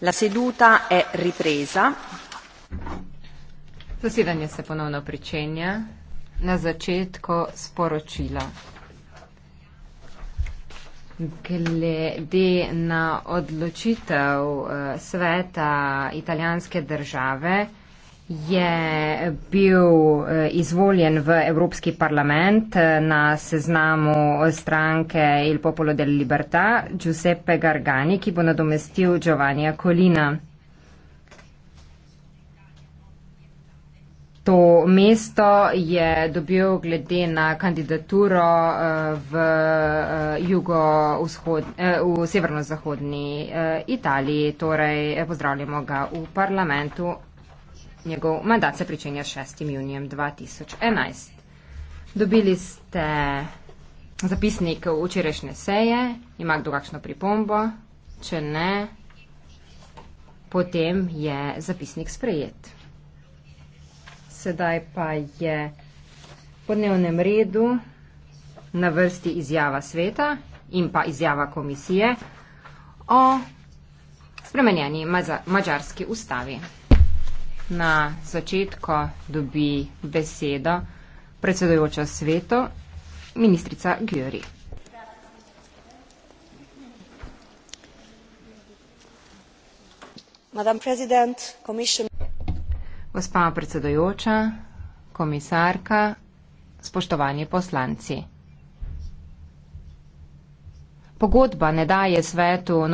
La seduta è ripresa. Zasedanje se ponovno pričenja. Na začetku sporočila. Glede na odločitev eh, sveta italijanske države, je bil eh, izvoljen v Evropski parlament eh, na seznamu stranke Il Popolo del Libertà Giuseppe Gargani, ki bo nadomestil Giovannija Kolina. To mesto je dobil glede na kandidaturo eh, v, v severno-zahodni Italiji, torej pozdravljamo ga v parlamentu. Njegov mandat se pričenja 6. junijem 2011. Dobili ste zapisnik včerajšnje seje. Ima kdo kakšno pripombo? Če ne, potem je zapisnik sprejet. Sedaj pa je po dnevnem redu na vrsti izjava sveta in pa izjava komisije o spremenjeni mađarski ustavi na začetku dobi besedo predsedujoča sveto, ministrica Gjuri. Gospa predsedujoča, komisarka, spoštovani poslanci. Pogodba ne daje svetu